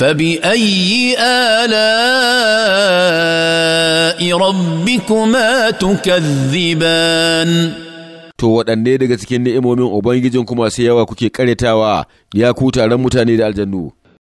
فبأي آلاء ربكما تكذبان to waɗanne daga cikin ni'imomin ubangijinku masu yawa kuke ƙaretawa ya ku taron mutane da aljannu